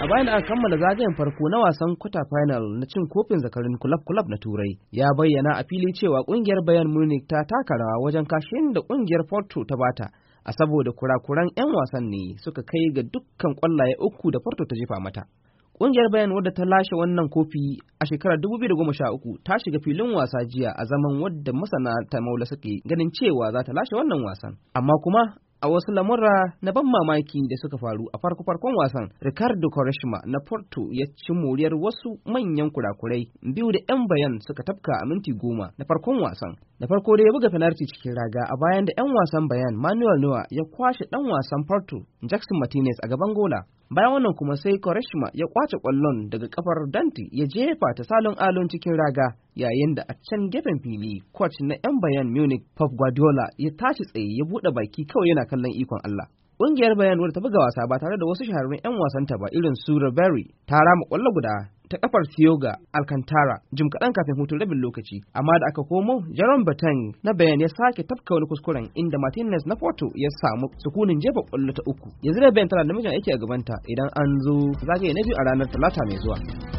a bayan da aka kammala zagayen farko na wasan kwata final na cin kofin zakarin kulab kulab na turai ya bayyana a fili cewa kungiyar bayan munich ta taka rawa wajen kashin da kungiyar porto ta bata a saboda kurakuran 'yan wasan ne suka kai ga dukkan kwallaye uku da porto ta jefa mata kungiyar bayan wadda ta lashe wannan kofi a shekarar 2013 ta shiga filin wasa jiya a zaman wadda masana ta maula suke ganin cewa za ta lashe wannan wasan amma kuma a wasu lamurra na ban mamaki da suka faru a farko-farkon wasan ricardo Quaresma na porto ya ci moriyar wasu manyan kurakurai biyu da 'yan bayan suka tafka a minti goma na farkon wasan Da farko dai ya buga fenalti cikin raga a bayan da 'yan wasan bayan Manuel noa ya kwashe ɗan wasan Porto Jackson Martinez a gaban gola. Bayan wannan kuma sai Koreshima ya kwace kwallon daga kafar Danti ya jefa ta salon alon cikin raga yayin da a can gefen fili coach na 'yan bayan Munich pop Guardiola ya tashi tsaye ya buɗe baki kawai yana kallon ikon Allah. Ƙungiyar bayan wadda ta buga wasa ba tare da wasu shahararrun 'yan wasanta ba irin su berry ta rama kwallo guda ta kafar Tioga Alcantara jim kaɗan kafin hutun rabin lokaci amma da aka komo Jerome Batang na bayan ya sake tafka wani kuskuren inda Martinez na Porto ya samu sukunin jefa ƙwallo ta uku yanzu da bayan tana da mijin aiki a gabanta idan an zo zagaye na biyu a ranar talata mai zuwa.